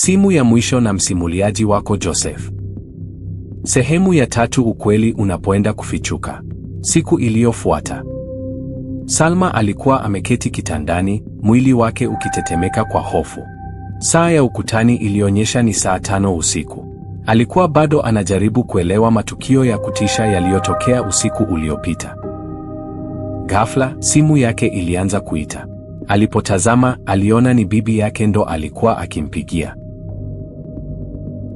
Simu ya mwisho na msimuliaji wako Joseph. Sehemu ya tatu, ukweli unapoenda kufichuka. Siku iliyofuata, Salma alikuwa ameketi kitandani, mwili wake ukitetemeka kwa hofu. Saa ya ukutani ilionyesha ni saa tano usiku. Alikuwa bado anajaribu kuelewa matukio ya kutisha yaliyotokea usiku uliopita. Ghafla, simu yake ilianza kuita. Alipotazama, aliona ni bibi yake ndo alikuwa akimpigia.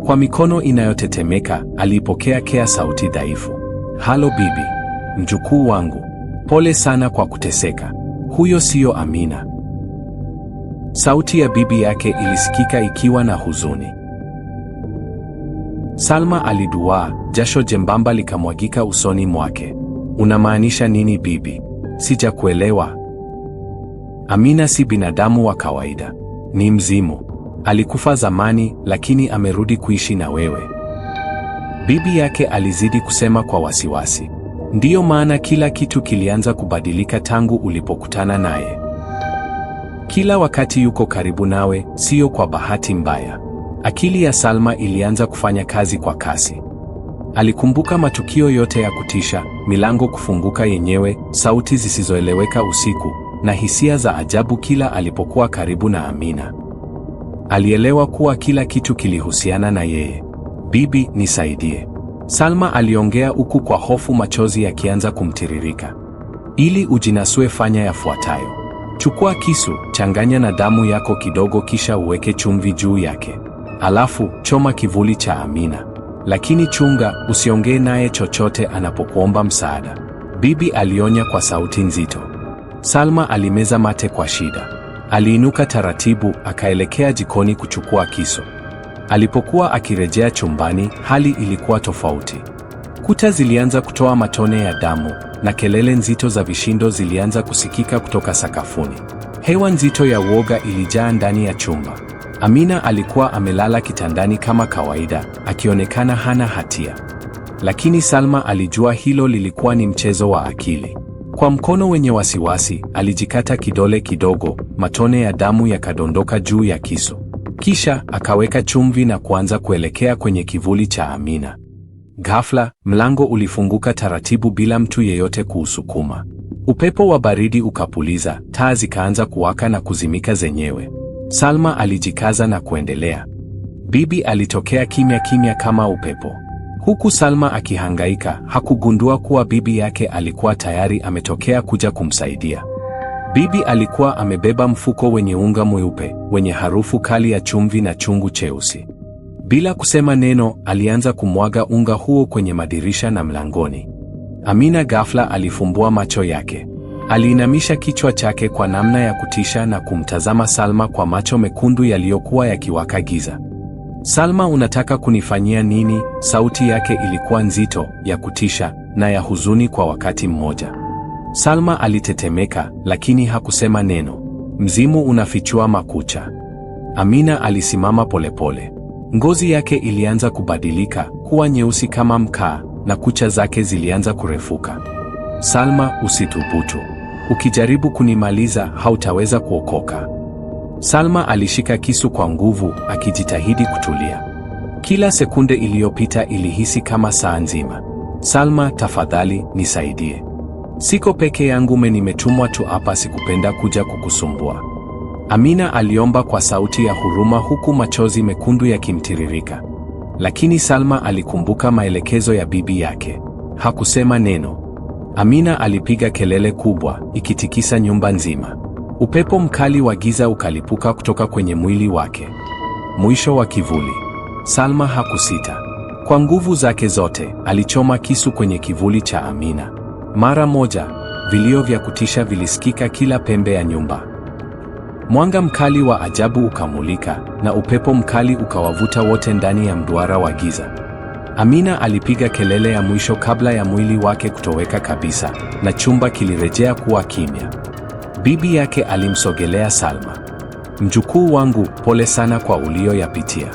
Kwa mikono inayotetemeka alipokea kea sauti dhaifu. Halo bibi, mjukuu wangu, pole sana kwa kuteseka. Huyo siyo Amina. Sauti ya bibi yake ilisikika ikiwa na huzuni. Salma aliduaa, jasho jembamba likamwagika usoni mwake. Unamaanisha nini bibi? Sijakuelewa. Amina si binadamu wa kawaida, ni mzimu. Alikufa zamani, lakini amerudi kuishi na wewe. Bibi yake alizidi kusema kwa wasiwasi. Ndiyo maana kila kitu kilianza kubadilika tangu ulipokutana naye. Kila wakati yuko karibu nawe, siyo kwa bahati mbaya. Akili ya Salma ilianza kufanya kazi kwa kasi. Alikumbuka matukio yote ya kutisha, milango kufunguka yenyewe, sauti zisizoeleweka usiku, na hisia za ajabu kila alipokuwa karibu na Amina. Alielewa kuwa kila kitu kilihusiana na yeye. Bibi, nisaidie, Salma aliongea huku kwa hofu machozi yakianza kumtiririka. Ili ujinasue, fanya yafuatayo: chukua kisu, changanya na damu yako kidogo, kisha uweke chumvi juu yake, alafu choma kivuli cha Amina, lakini chunga usiongee naye chochote anapokuomba msaada, bibi alionya kwa sauti nzito. Salma alimeza mate kwa shida. Aliinuka taratibu akaelekea jikoni kuchukua kisu. Alipokuwa akirejea chumbani, hali ilikuwa tofauti. Kuta zilianza kutoa matone ya damu na kelele nzito za vishindo zilianza kusikika kutoka sakafuni. Hewa nzito ya uoga ilijaa ndani ya chumba. Amina alikuwa amelala kitandani kama kawaida, akionekana hana hatia. Lakini Salma alijua hilo lilikuwa ni mchezo wa akili. Kwa mkono wenye wasiwasi, alijikata kidole kidogo, matone ya damu yakadondoka juu ya kisu. Kisha akaweka chumvi na kuanza kuelekea kwenye kivuli cha Amina. Ghafla, mlango ulifunguka taratibu bila mtu yeyote kuusukuma. Upepo wa baridi ukapuliza, taa zikaanza kuwaka na kuzimika zenyewe. Salma alijikaza na kuendelea. Bibi alitokea kimya kimya kama upepo. Huku Salma akihangaika, hakugundua kuwa bibi yake alikuwa tayari ametokea kuja kumsaidia. Bibi alikuwa amebeba mfuko wenye unga mweupe, wenye harufu kali ya chumvi na chungu cheusi. Bila kusema neno, alianza kumwaga unga huo kwenye madirisha na mlangoni. Amina ghafla alifumbua macho yake. Aliinamisha kichwa chake kwa namna ya kutisha na kumtazama Salma kwa macho mekundu yaliyokuwa yakiwaka giza. Salma, unataka kunifanyia nini? Sauti yake ilikuwa nzito, ya kutisha na ya huzuni kwa wakati mmoja. Salma alitetemeka, lakini hakusema neno. Mzimu unafichua makucha. Amina alisimama polepole pole. Ngozi yake ilianza kubadilika kuwa nyeusi kama mkaa na kucha zake zilianza kurefuka. Salma, usithubutu. Ukijaribu kunimaliza, hautaweza kuokoka. Salma alishika kisu kwa nguvu, akijitahidi kutulia. Kila sekunde iliyopita ilihisi kama saa nzima. Salma, tafadhali nisaidie, siko peke yangu, me nimetumwa tu hapa, sikupenda kuja kukusumbua. Amina aliomba kwa sauti ya huruma, huku machozi mekundu yakimtiririka. Lakini Salma alikumbuka maelekezo ya bibi yake, hakusema neno. Amina alipiga kelele kubwa, ikitikisa nyumba nzima. Upepo mkali wa giza ukalipuka kutoka kwenye mwili wake. Mwisho wa kivuli. Salma hakusita. Kwa nguvu zake zote, alichoma kisu kwenye kivuli cha Amina. Mara moja, vilio vya kutisha vilisikika kila pembe ya nyumba. Mwanga mkali wa ajabu ukamulika na upepo mkali ukawavuta wote ndani ya mduara wa giza. Amina alipiga kelele ya mwisho kabla ya mwili wake kutoweka kabisa na chumba kilirejea kuwa kimya. Bibi yake alimsogelea Salma. Mjukuu wangu, pole sana kwa uliyoyapitia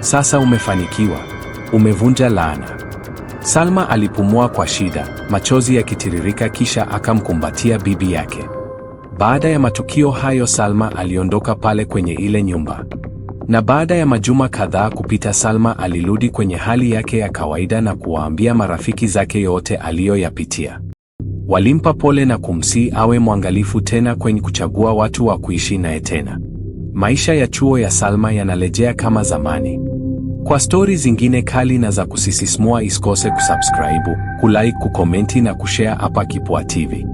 Sasa umefanikiwa, umevunja laana. Salma alipumua kwa shida, machozi yakitiririka, kisha akamkumbatia bibi yake. Baada ya matukio hayo, Salma aliondoka pale kwenye ile nyumba. Na baada ya majuma kadhaa kupita, Salma alirudi kwenye hali yake ya kawaida na kuwaambia marafiki zake yote aliyoyapitia. Walimpa pole na kumsii awe mwangalifu tena kwenye kuchagua watu wa kuishi naye tena. Maisha ya chuo ya Salma yanarejea kama zamani. Kwa stori zingine kali na za kusisimua, isikose kusubscribe, kulike, kukomenti na kushare hapa Kipua TV.